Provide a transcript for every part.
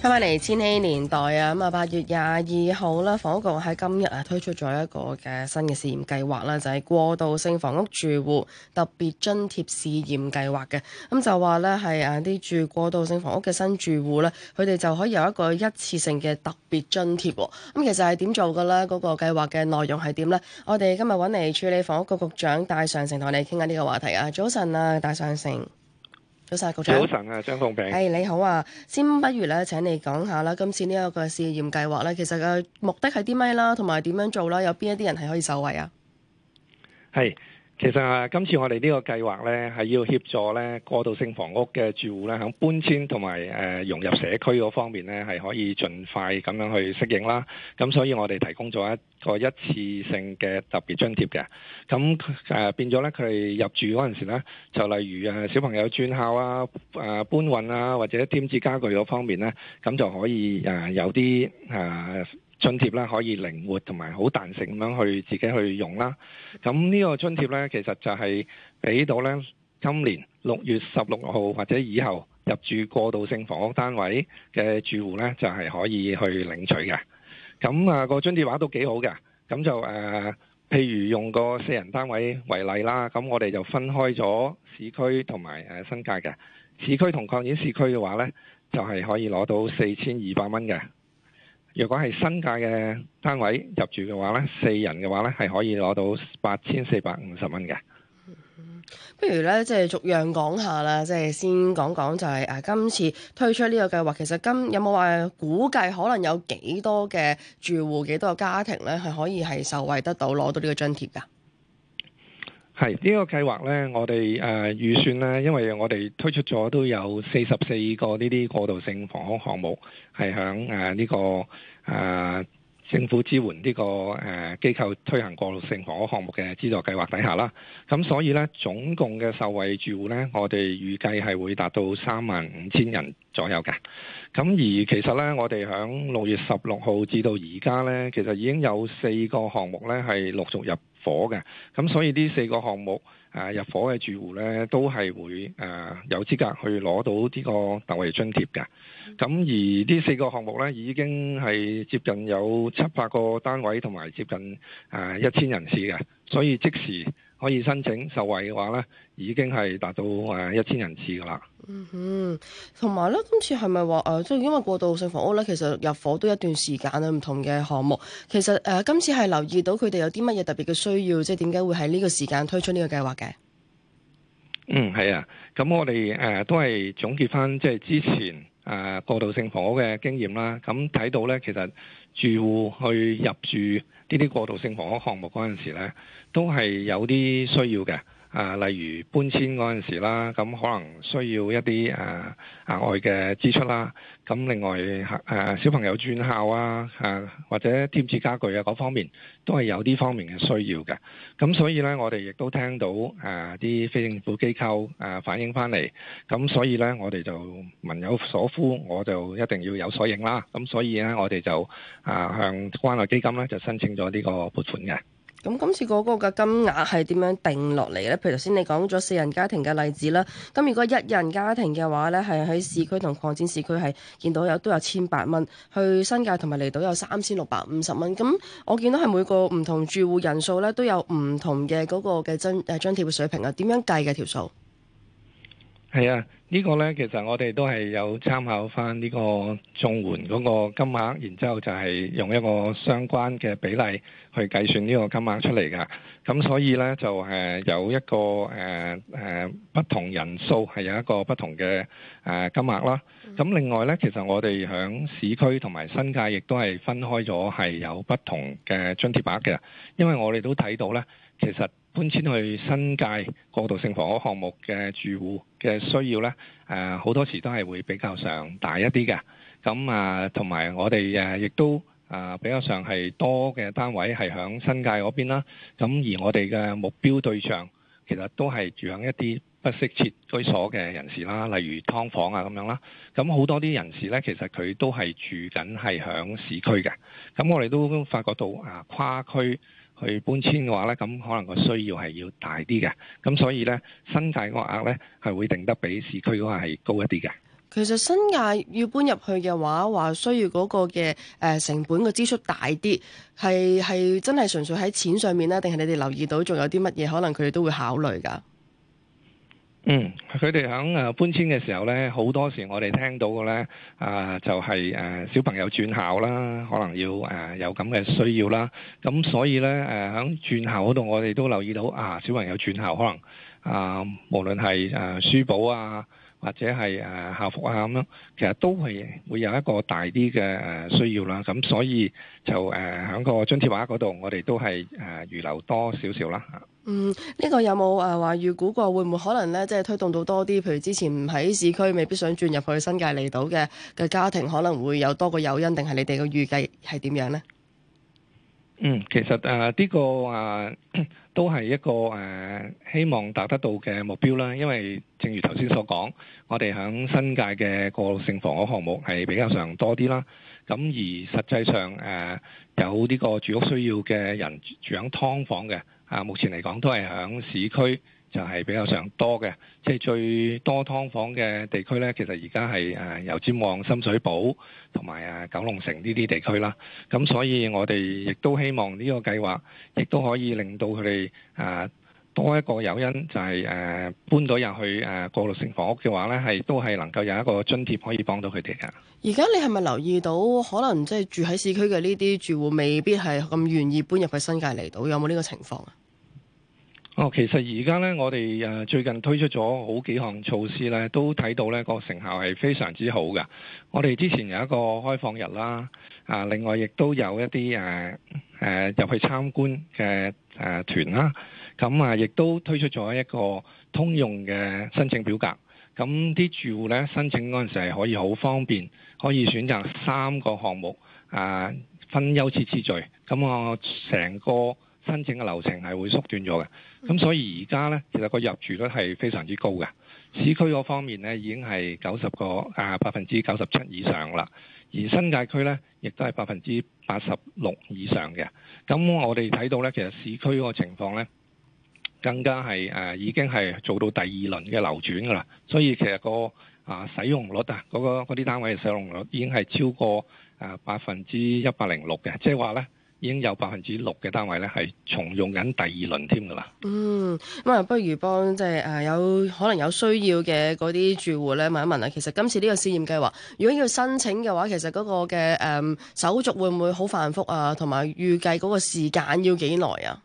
睇翻嚟千禧年代啊，咁啊八月廿二號啦，房屋局喺今日啊推出咗一個嘅新嘅試驗計劃啦，就係、是、過渡性房屋住戶特別津貼試驗計劃嘅。咁、嗯、就話咧係啊啲住過渡性房屋嘅新住戶咧，佢哋就可以有一個一次性嘅特別津貼。咁、嗯、其實係點做噶啦？嗰、那個計劃嘅內容係點咧？我哋今日搵嚟署理房屋局局長戴尚誠同我哋傾緊呢個話題啊。早晨啊，戴尚誠。早晨啊，張鳳炳。係、hey，你好啊，先不如咧請你講下啦，今次呢一個試驗計劃咧，其實嘅目的係啲咩啦？同埋點樣做啦？有邊一啲人係可以受惠啊？係。其實啊，今次我哋呢個計劃呢，係要協助呢過渡性房屋嘅住戶呢，響搬遷同埋誒融入社區嗰方面呢，係可以盡快咁樣去適應啦。咁所以我哋提供咗一個一次性嘅特別津貼嘅。咁誒、呃、變咗呢，佢入住嗰陣時呢，就例如誒、啊、小朋友轉校啊、誒、呃、搬運啊或者添置家具嗰方面呢，咁就可以誒有啲啊。津貼咧，可以靈活同埋好彈性咁樣去自己去用啦。咁呢個津貼咧，其實就係俾到咧，今年六月十六號或者以後入住過渡性房屋單位嘅住戶咧，就係可以去領取嘅。咁、那、啊個津貼話都幾好嘅。咁就誒、呃，譬如用個四人單位為例啦。咁我哋就分開咗市區同埋誒新界嘅市區同擴展市區嘅話咧，就係、是、可以攞到四千二百蚊嘅。如果係新界嘅單位入住嘅話咧，四人嘅話咧係可以攞到八千四百五十蚊嘅。不如咧，即係逐樣講下啦，即係先講講就係誒今次推出呢個計劃，其實今有冇話估計可能有幾多嘅住戶、幾多個家庭咧係可以係受惠得到攞到呢個津貼㗎？係、這個、呢個計劃咧，我哋誒預算咧，因為我哋推出咗都有四十四個呢啲過渡性房屋項目，係響誒呢個誒、呃、政府支援呢、這個誒機、呃、構推行過渡性房屋項目嘅資助計劃底下啦。咁所以咧，總共嘅受惠住戶咧，我哋預計係會達到三萬五千人左右嘅。咁而其實咧，我哋響六月十六號至到而家咧，其實已經有四個項目咧係陸續入。火嘅，咁所以呢四個項目，誒、啊，入伙嘅住戶咧，都係會誒、啊、有資格去攞到呢個特惠津貼嘅。咁而呢四個項目咧，已經係接近有七百個單位同埋接近誒一千人次嘅，所以即時。可以申請受惠嘅話咧，已經係達到誒一千人次噶啦。嗯哼，同埋咧，今次係咪話誒，即、呃、係因為過渡性房屋咧，其實入伙都一段時間啦，唔同嘅項目。其實誒、呃，今次係留意到佢哋有啲乜嘢特別嘅需要，即係點解會喺呢個時間推出呢個計劃嘅？嗯，係啊，咁我哋誒、呃、都係總結返即係之前誒、呃、過渡性房屋嘅經驗啦。咁睇到咧，其實住戶去入住呢啲過渡性房屋項目嗰陣時咧，都係有啲需要嘅，啊，例如搬遷嗰陣時啦，咁、啊、可能需要一啲誒額外嘅支出啦。咁、啊、另外誒、啊、小朋友轉校啊，誒、啊、或者添置家具啊嗰方面，都係有啲方面嘅需要嘅。咁、啊、所以咧，我哋亦都聽到啊啲非政府機構啊反映翻嚟，咁、啊、所以咧，我哋就民有所呼，我就一定要有所應啦。咁、啊、所以咧，我哋就啊向關愛基金咧、啊、就申請咗呢個撥款嘅。咁今次嗰個嘅金額係點樣定落嚟咧？譬如頭先你講咗四人家庭嘅例子啦，咁如果一人家庭嘅話咧，係喺市區同擴展市區係見到有都有千八蚊，去新界同埋離島有三千六百五十蚊。咁我見到係每個唔同住戶人數咧都有唔同嘅嗰個嘅津誒津貼嘅水平啊，點樣計嘅條數？係啊，呢、呢個呢，其實我哋都係有參考翻呢個綜援嗰個金額，然之後就係用一個相關嘅比例去計算呢個金額出嚟噶。咁所以呢，就誒、是、有一個誒誒、呃呃、不同人數係有一個不同嘅誒、呃、金額啦。咁另外呢，其實我哋響市區同埋新界亦都係分開咗，係有不同嘅津貼額嘅。因為我哋都睇到呢。其實搬遷去新界過渡性房屋項目嘅住戶嘅需要咧，誒、呃、好多時都係會比較上大一啲嘅。咁啊，同埋我哋誒亦都啊比較上係多嘅單位係喺新界嗰邊啦。咁、啊、而我哋嘅目標對象其實都係住響一啲不適切居所嘅人士啦、啊，例如劏房啊咁樣啦。咁、啊、好、啊、多啲人士咧，其實佢都係住緊係響市區嘅。咁、啊、我哋都發覺到啊，跨區。去搬遷嘅話咧，咁可能個需要係要大啲嘅，咁所以咧新界嗰個額咧係會定得比市區嗰個係高一啲嘅。其實新界要搬入去嘅話，話需要嗰個嘅誒成本嘅支出大啲，係係真係純粹喺錢上面咧，定係你哋留意到仲有啲乜嘢可能佢哋都會考慮㗎？嗯，佢哋響誒搬遷嘅時候咧，好多時我哋聽到嘅咧啊，就係誒小朋友轉校啦，可能要誒有咁嘅需要啦。咁所以咧誒響轉校嗰度，我哋都留意到啊，小朋友轉校可能啊，無論係誒書簿啊。或者係誒校服啊咁樣，其實都係會有一個大啲嘅誒需要啦。咁所以就誒喺、呃、個津貼額嗰度，我哋都係誒預留多少少啦嚇。嗯，呢、呢個有冇誒話預估過會唔會可能咧，即係推動到多啲？譬如之前唔喺市區，未必想轉入去新界離島嘅嘅家庭，可能會有多個誘因，定係你哋嘅預計係點樣咧？嗯，其實誒呢、呃呢個話。呃 都係一個誒、呃，希望達得到嘅目標啦。因為正如頭先所講，我哋響新界嘅過渡性房屋項目係比較上多啲啦。咁而實際上誒、呃，有呢個住屋需要嘅人住喺劏房嘅啊，目前嚟講都係響市區。就係比較上多嘅，即係最多劏房嘅地區呢。其實而家係誒油尖旺、深水埗同埋啊九龍城呢啲地區啦。咁所以我哋亦都希望呢個計劃，亦都可以令到佢哋誒多一個誘因、就是，就係誒搬咗入去誒、呃、過渡性房屋嘅話呢係都係能夠有一個津貼可以幫到佢哋嘅。而家你係咪留意到，可能即係住喺市區嘅呢啲住戶，未必係咁願意搬入去新界嚟到，有冇呢個情況啊？哦，其實而家咧，我哋誒最近推出咗好幾項措施咧，都睇到咧個成效係非常之好嘅。我哋之前有一個開放日啦，啊，另外亦都有一啲誒誒入去參觀嘅誒、啊、團啦，咁啊，亦都推出咗一個通用嘅申請表格，咁啲住戶咧申請嗰陣時係可以好方便，可以選擇三個項目啊，分優次次序，咁我成個。申請嘅流程係會縮短咗嘅，咁所以而家呢，其實個入住率係非常之高嘅。市區嗰方面呢，已經係九十個啊百分之九十七以上啦。而新界區呢，亦都係百分之八十六以上嘅。咁我哋睇到呢，其實市區嗰個情況呢，更加係誒、啊、已經係做到第二輪嘅流轉噶啦。所以其實、個啊使用率啊嗰、個嗰啲單位嘅使用率已經係超過啊百分之一百零六嘅，即係話呢。已經有百分之六嘅單位咧，係重用緊第二輪添㗎啦。嗯，咁啊，不如幫即係誒有可能有需要嘅嗰啲住戶咧問一問啊。其實今次呢個試驗計劃，如果要申請嘅話，其實嗰個嘅誒、嗯、手續會唔會好繁複啊？同埋預計嗰個時間要幾耐啊？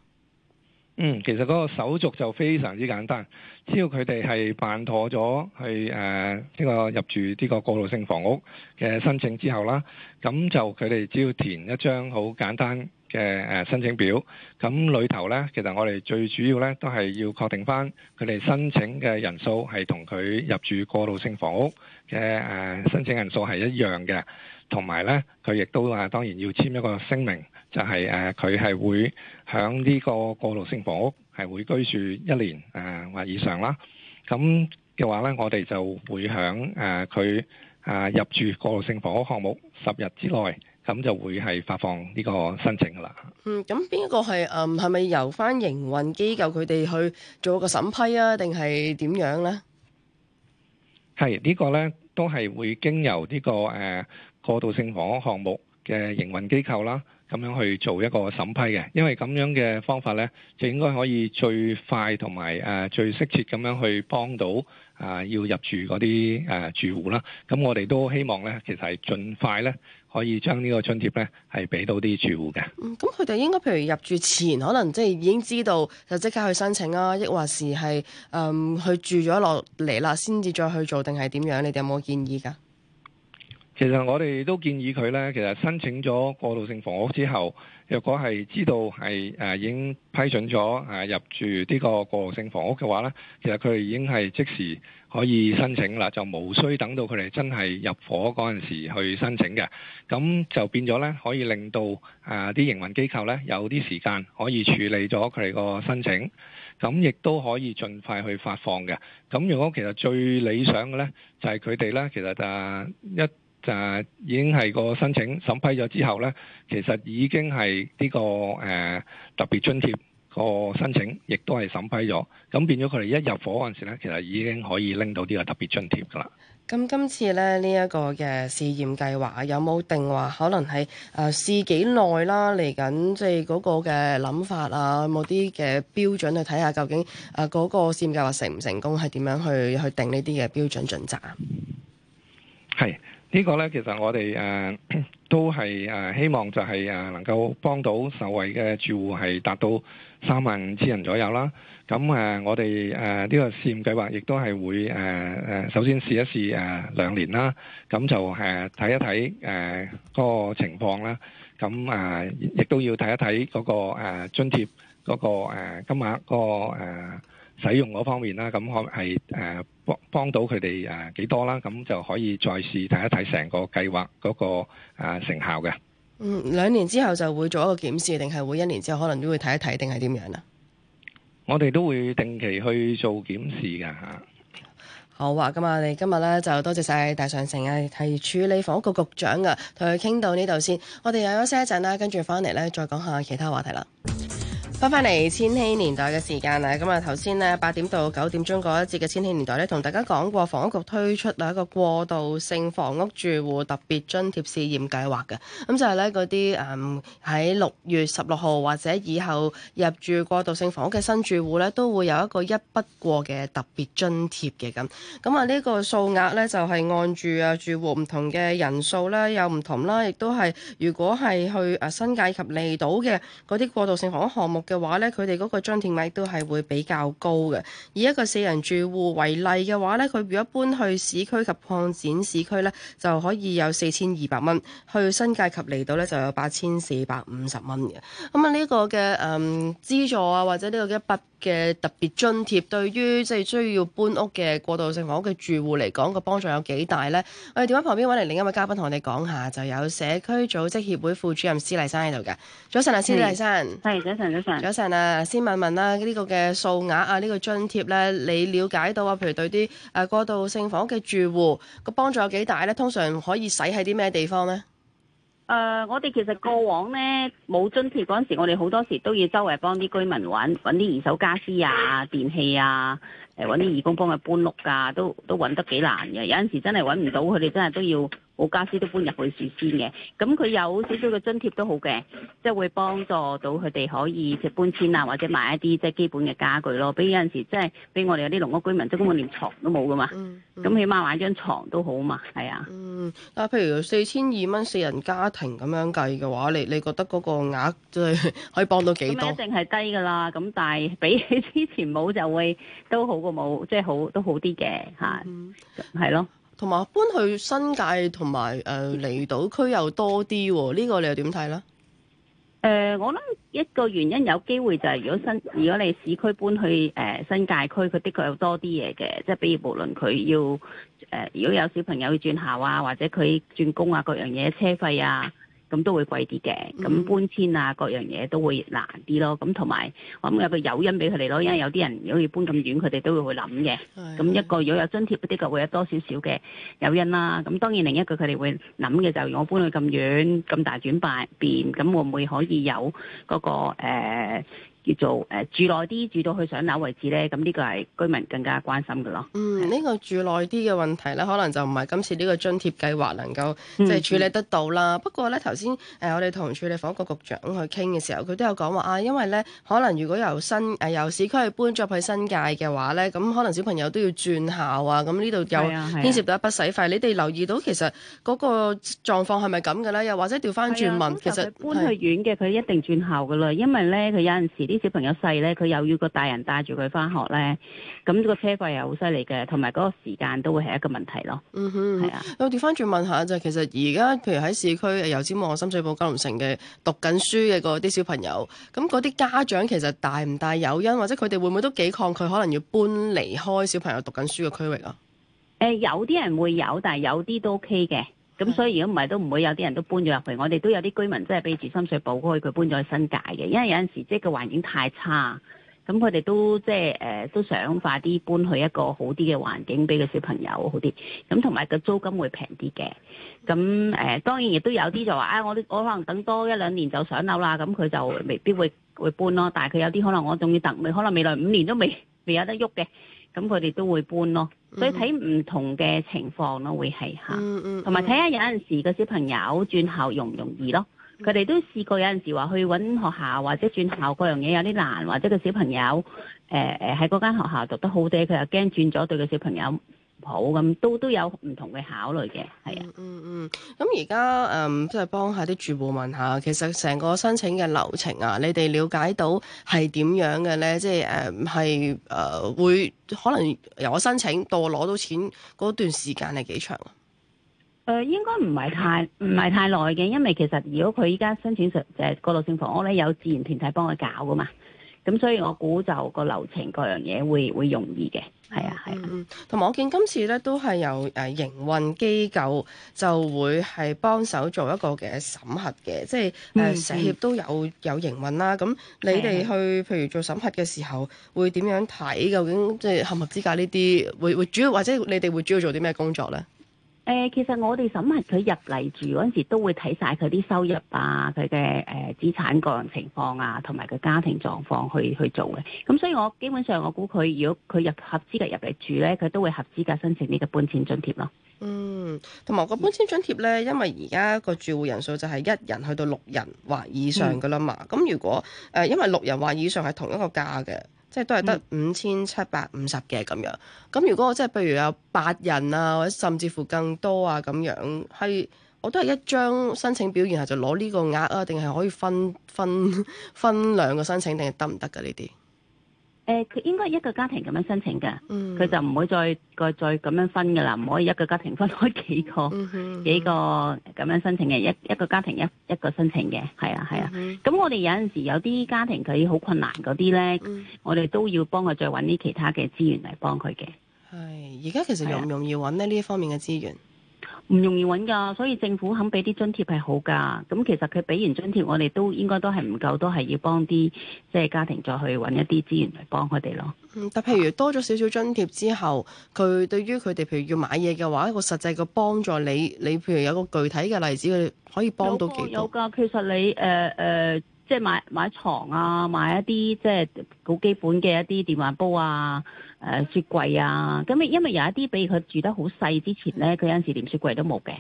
嗯，其實嗰個手續就非常之簡單，只要佢哋係辦妥咗去誒呢個入住呢個過渡性房屋嘅申請之後啦，咁就佢哋只要填一張好簡單嘅誒申請表，咁裏頭呢，其實我哋最主要呢都係要確定返佢哋申請嘅人數係同佢入住過渡性房屋嘅誒申請人數係一樣嘅，同埋呢佢亦都啊當然要簽一個聲明。就係、是、誒，佢、呃、係會喺呢個過渡性房屋係會居住一年誒或、呃、以上啦。咁嘅話咧，我哋就會喺誒佢誒入住過渡性房屋項目十日之內，咁就會係發放呢個申請噶啦嗯。嗯，咁邊個係誒？係咪由返營運機構佢哋去做個審批啊？定係點樣咧？係、這個、呢個咧，都係會經由呢、這個誒、呃、過渡性房屋項目嘅營運機構啦。咁樣去做一個審批嘅，因為咁樣嘅方法咧，就應該可以最快同埋誒最適切咁樣去幫到啊、呃、要入住嗰啲誒住戶啦。咁我哋都希望咧，其實係盡快咧，可以將呢個津貼咧係俾到啲住戶嘅。嗯，咁佢哋應該譬如入住前可能即係已經知道，就即刻去申請啊，抑或是係誒去住咗落嚟啦，先至再去做定係點樣？你哋有冇建議㗎？其實我哋都建議佢咧，其實申請咗過渡性房屋之後，若果係知道係誒已經批准咗誒入住呢個過渡性房屋嘅話咧，其實佢哋已經係即時可以申請啦，就無需等到佢哋真係入夥嗰陣時去申請嘅。咁就變咗咧，可以令到誒啲營運機構咧有啲時間可以處理咗佢哋個申請，咁亦都可以盡快去發放嘅。咁如果其實最理想嘅咧，就係佢哋咧，其實就一。就已經係個申請審批咗之後咧，其實已經係呢、這個誒、呃、特別津貼個申請，亦都係審批咗，咁變咗佢哋一入伙嗰陣時咧，其實已經可以拎到呢個特別津貼噶啦。咁今次咧呢一、這個嘅試驗計劃有冇定話可能係誒試幾耐啦？嚟緊即係嗰個嘅諗法啊，有冇啲嘅標準去睇下究竟啊嗰個試驗計劃成唔成功，係點樣去去定呢啲嘅標準準則？係。呢個咧其實我哋誒都係誒希望就係誒能夠幫到受惠嘅住戶係達到三萬五千人左右啦。咁誒我哋誒呢個試驗計劃亦都係會誒誒首先試一試誒兩年啦。咁就誒睇一睇誒嗰個情況啦。咁誒亦都要睇一睇嗰個誒津貼嗰個誒金額嗰個誒。使用嗰方面啦，咁可能係誒幫幫到佢哋誒幾多啦？咁就可以再試睇一睇成個計劃嗰個誒成效嘅。嗯，兩年之後就會做一個檢視，定係會一年之後可能都會睇一睇，定係點樣啊？我哋都會定期去做檢視噶吓。好啊，咁啊，我哋今日咧就多謝晒戴尚誠啊，係署理房屋局局、局長噶，同佢傾到呢度先。我哋又休息一陣啦，跟住翻嚟咧再講下其他話題啦。翻翻嚟千禧年代嘅時間啊！咁啊，頭先咧八點到九點鐘嗰一節嘅千禧年代咧，同大家講過房屋局推出啊一個過渡性房屋住戶特別津貼試驗計劃嘅，咁就係咧嗰啲，誒喺六月十六號或者以後入住過渡性房屋嘅新住戶咧，都會有一個一筆過嘅特別津貼嘅咁。咁啊呢個數額咧就係按住啊住戶唔同嘅人數咧有唔同啦，亦都係如果係去誒新界及離島嘅嗰啲過渡性房屋項目。嘅話咧，佢哋嗰個津貼米都係會比較高嘅。以一個四人住戶為例嘅話咧，佢如果搬去市區及擴展市區咧，就可以有四千二百蚊；去新界及離島咧，就有八千四百五十蚊嘅。咁啊，呢個嘅誒資助啊，或者呢個嘅八嘅特別津貼對於即係需要搬屋嘅過渡性房屋嘅住戶嚟講，個幫助有幾大呢？我哋電話旁邊揾嚟另一位嘉賓，同我哋講下，就有社區組織協會副主任施麗珊喺度嘅。早晨啊，施是麗珊，係早晨，早晨，早晨啊，先問問啦，呢個嘅數額啊，呢個津貼呢，你了解到啊？譬如對啲誒過渡性房屋嘅住戶個幫助有幾大呢？通常可以使喺啲咩地方呢？誒，uh, 我哋其實過往呢，冇津貼嗰陣時，我哋好多時都要周圍幫啲居民揾揾啲二手家私啊、電器啊，揾啲義工幫佢搬屋㗎、啊，都都揾得幾難嘅，有陣時真係揾唔到，佢哋真係都要。我傢俬都搬入去住先嘅，咁佢有少少嘅津貼都好嘅，即係會幫助到佢哋可以即係搬遷啊，或者買一啲即係基本嘅家具咯。比如有陣時即係，比我哋有啲農屋居民，根本連床都冇噶嘛，咁、嗯嗯、起碼買張床都好嘛，係啊。嗯，但譬如四千二蚊四人家庭咁樣計嘅話，你你覺得嗰個額即係可以幫到幾多？一定係低㗎啦，咁但係比起之前冇就會都好過冇，即係好都好啲嘅嚇，係、嗯嗯、咯。同埋搬去新界同埋誒離島區又多啲，呢個你又點睇咧？誒，我諗一個原因有機會就係，如果新如果你市區搬去誒新界區，佢的確有多啲嘢嘅，即係比如無論佢要誒，如果有小朋友要轉校啊，或者佢轉工啊，各樣嘢車費啊。咁都會貴啲嘅，咁、嗯、搬遷啊各樣嘢都會難啲咯。咁同埋我諗有個誘因俾佢哋咯，因為有啲人如果要搬咁遠，佢哋都會會諗嘅。咁的一個如果有津貼，的確會有多少少嘅誘因啦。咁當然另一個佢哋會諗嘅就我、是、搬去咁遠咁大轉變，咁、嗯、會唔會可以有嗰、那個、呃叫做誒、呃、住耐啲，住到佢上樓為止咧，咁呢個係居民更加關心嘅咯。嗯，呢是個住耐啲嘅問題咧，可能就唔係今次呢個津貼計劃能夠即係處理得到啦。嗯、不過咧，頭先誒我哋同署理房屋局局長去傾嘅時候，佢都有講話啊，因為咧可能如果由新誒、呃、由市區搬咗去新界嘅話咧，咁、嗯、可能小朋友都要轉校啊。咁呢度又牽涉到一筆使費，你哋留意到其實嗰個狀況係咪咁嘅咧？又或者調翻轉問、啊，其實搬去遠嘅佢一定轉校嘅啦，因為咧佢有陣時。啲。啲小朋友細咧，佢又要個大人帶住佢翻學咧，咁個車費又好犀利嘅，同埋嗰個時間都會係一個問題咯。嗯哼，係啊，我調翻轉問下就，其實而家譬如喺市區，油尖旺、深水埗、九龍城嘅讀緊書嘅嗰啲小朋友，咁嗰啲家長其實大唔大有因，或者佢哋會唔會都幾抗拒，可能要搬離開小朋友讀緊書嘅區域啊？誒，有啲人會有，但係有啲都 OK 嘅。咁所以如果唔係都唔會有啲人都搬咗入去，我哋都有啲居民真係俾住深水埗去，佢搬咗去新界嘅，因為有陣時即係個環境太差，咁佢哋都即係誒、呃、都想快啲搬去一個好啲嘅環境俾個小朋友好啲，咁同埋個租金會平啲嘅。咁、嗯、誒、呃、當然亦都有啲就話啊、哎，我我可能等多一兩年就上樓啦，咁佢就未必會會搬咯。但係佢有啲可能我仲要等，未可能未來五年都未未有得喐嘅。咁佢哋都會搬咯，所以睇唔同嘅情況咯，會係嚇，同埋睇下有陣時個小朋友轉校容唔容易咯，佢哋都試過有陣時話去揾學校或者轉校嗰樣嘢有啲難，或者個小朋友誒誒喺嗰間學校讀得好啲，佢又驚轉咗對個小朋友。好咁，都都有唔同嘅考慮嘅，係啊、嗯。嗯嗯，咁而家誒，即、嗯、係幫下啲住戶問下，其實成個申請嘅流程啊，你哋了解到係點樣嘅咧？即係誒，係、嗯、誒、呃、會可能由我申請到我攞到錢嗰段時間係幾長啊？誒、呃，應該唔係太唔係太耐嘅，因為其實如果佢依家申請上誒個過渡性房屋咧，有自然團體幫佢搞噶嘛。咁所以我估就個流程各樣嘢會會容易嘅，係啊，係啊，同埋、啊嗯、我見今次咧都係由誒、呃、營運機構就會係幫手做一個嘅審核嘅，即係社協都有有營運啦。咁你哋去、啊、譬如做審核嘅時候，會點樣睇？究竟即係合合資格呢啲？會會主要或者你哋會主要做啲咩工作咧？誒，其實我哋審核佢入嚟住嗰陣時，都會睇晒佢啲收入啊，佢嘅誒資產個人情況啊，同埋佢家庭狀況去去做嘅。咁所以我基本上我估佢如果佢入合資格入嚟住咧，佢都會合資格申請呢個搬遷津貼咯。嗯，同埋個搬遷津貼咧，因為而家個住戶人數就係一人去到六人或以上噶啦嘛。咁、嗯、如果誒、呃，因為六人或以上係同一個價嘅。即係都係得五千七百五十嘅咁樣，咁如果我即係譬如有八人啊，或者甚至乎更多啊咁樣，係我都係一張申請表，然後就攞呢個額啊，定係可以分分分兩個申請定係得唔得㗎呢啲？誒，佢、呃、應該一個家庭咁樣申請噶，佢、嗯、就唔會再再再咁樣分噶啦，唔可以一個家庭分開幾個、嗯嗯、幾個咁樣申請嘅，一一個家庭一一個申請嘅，係啊係啊。咁、啊嗯、哼我哋有陣時有啲家庭佢好困難嗰啲咧，嗯、我哋都要幫佢再搵啲其他嘅資源嚟幫佢嘅。係，而家其實容唔容易搵咧呢一方面嘅資源？唔容易揾㗎，所以政府肯俾啲津貼係好㗎。咁其實佢俾完津貼，我哋都應該都係唔夠，都係要幫啲即係家庭再去揾一啲資源嚟幫佢哋咯。嗯，但譬如多咗少少津貼之後，佢對於佢哋譬如要買嘢嘅話，一個實際嘅幫助你，你你譬如有一個具體嘅例子，佢可以幫到幾多？有㗎，其實你誒誒、呃呃，即係買買牀啊，買一啲即係好基本嘅一啲電飯煲啊。誒、呃、雪櫃啊，咁因為有一啲，比如佢住得好細，之前咧佢有陣時連雪櫃都冇嘅，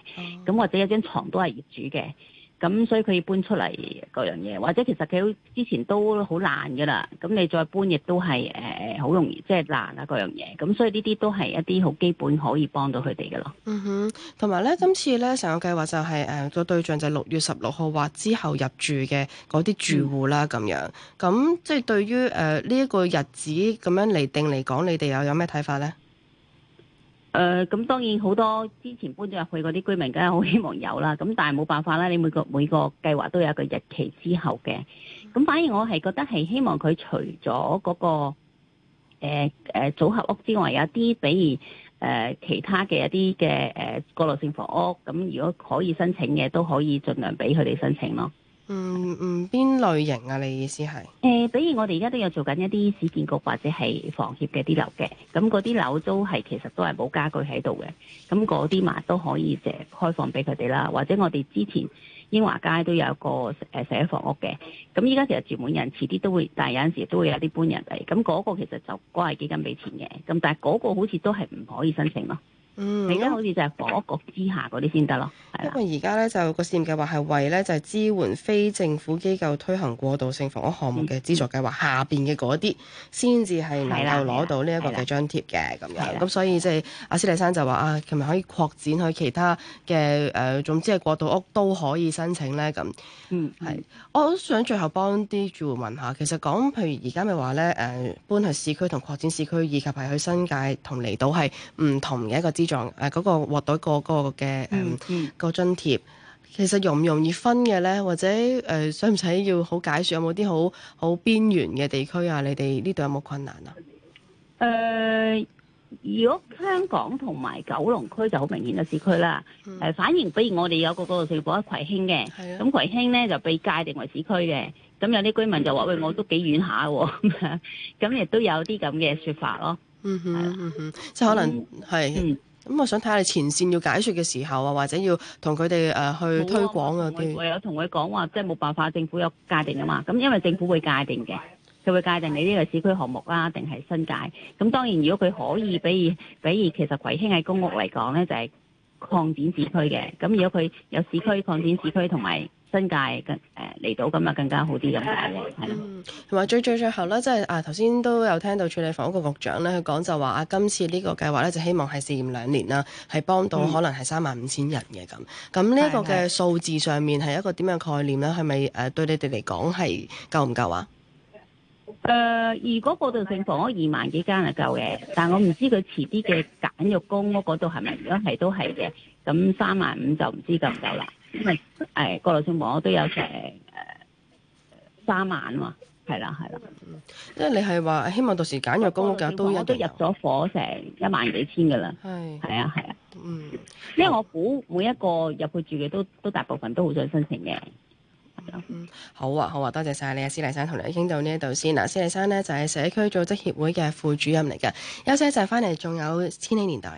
咁、啊、或者有張床都係業主嘅。咁所以佢要搬出嚟各樣嘢，或者其實佢之前都好爛噶啦。咁你再搬亦都係誒，好容易，即係爛啦。各樣嘢咁，所以呢啲都係一啲好基本可以幫到佢哋噶咯。嗯哼，同埋咧，今次咧，成個計劃就係誒個對象就係六月十六號或之後入住嘅嗰啲住戶啦。咁、嗯、樣咁即係對於誒呢一個日子咁樣嚟定嚟講，你哋又有咩睇法咧？誒咁、呃、當然好多之前搬咗入去嗰啲居民，梗係好希望有啦。咁但係冇辦法啦，你每個每個計劃都有一個日期之後嘅。咁反而我係覺得係希望佢除咗嗰、嗰個誒誒、呃呃、組合屋之外，有啲比如誒、呃、其他嘅一啲嘅誒過渡性房屋，咁如果可以申請嘅，都可以盡量俾佢哋申請咯。嗯嗯，邊類型啊？你意思係？誒、呃，比如我哋而家都有做緊一啲市建局或者係房協嘅啲樓嘅，咁嗰啲樓都係其實都係冇家具喺度嘅，咁嗰啲嘛都可以誒開放俾佢哋啦。或者我哋之前英華街都有一個誒社會、呃、房屋嘅，咁依家其實住滿人，遲啲都會，但係有陣時都會有啲搬人嚟。咁嗰個其實就關係基金俾錢嘅，咁但係嗰個好似都係唔可以申請咯。嗯，而家好似就係房屋局之下嗰啲先得咯，係因為而家咧就個試驗計劃係為咧就係、是、支援非政府機構推行過渡性房屋項目嘅資助計劃，的下邊嘅嗰啲先至係能夠攞到呢一個嘅津貼嘅咁的樣。咁的所以即係阿施麗珊就話啊，佢咪、啊、可以擴展去其他嘅誒、呃，總之係過渡屋都可以申請咧咁的的、嗯。嗯，係。我想最後幫啲住戶問下，其實講譬如而家咪話咧誒，搬去市區同擴展市區，以及係去新界同離島係唔同嘅一個誒，嗰個鑊袋個嗰個嘅誒個津貼，嗯、其實容唔容易分嘅咧？或者誒，使唔使要好解說？有冇啲好好邊緣嘅地區啊？你哋呢度有冇困難啊？誒、呃，如果香港同埋九龍區就好明顯嘅市區啦。誒、嗯，反而比如我哋有個嗰度政府喺葵興嘅，咁葵、嗯、興咧就被界定為市區嘅。咁有啲居民就話：喂，我都幾遠下咁，咁亦都有啲咁嘅說法咯。嗯哼，嗯哼，嗯即係可能係。嗯咁，嗯，我想睇下你前線要解説嘅時候啊，或者要同佢哋誒去推廣啊啲。我有同佢講話，即係冇辦法，政府有界定啊嘛。咁因為政府會界定嘅，佢會界定你呢個市區項目啦，定係新界。咁當然，如果佢可以比，比如比如其實葵興喺公屋嚟講咧，就係擴展市區嘅。咁如果佢有市區擴展市區，同埋。新界跟誒嚟到咁啊，更加好啲咁解。係咯、嗯。同埋的最最最後咧，即、就、係、是、啊頭先都有聽到署理房屋局局長咧，佢講就話啊，今次呢個計劃咧，就希望係試驗兩年啦，係幫到可能係三萬五千人嘅咁。咁呢一個嘅數字上面係一個點樣概念咧？係咪誒對你哋嚟講係夠唔夠啊？誒、呃，如果過渡性房屋二萬幾間係夠嘅，但我唔知佢遲啲嘅簡約公屋嗰度係咪，如果係都係嘅，咁三萬五就唔知夠唔夠啦。因咪誒過嚟跳我都有成誒、呃、三萬嘛，係啦係啦。即係你係話希望到時揀入公屋嘅，都有都入咗夥成一萬幾千嘅啦。係的，係啊係啊。嗯，因為我估每一個入去住嘅都、嗯、都大部分都好想申請嘅。嗯，好啊好啊，多謝晒你，你啊，施麗珊同你傾到呢一度先。嗱，施麗珊咧就係、是、社區組織協會嘅副主任嚟嘅。休息一陣翻嚟，仲有《千禧年代》。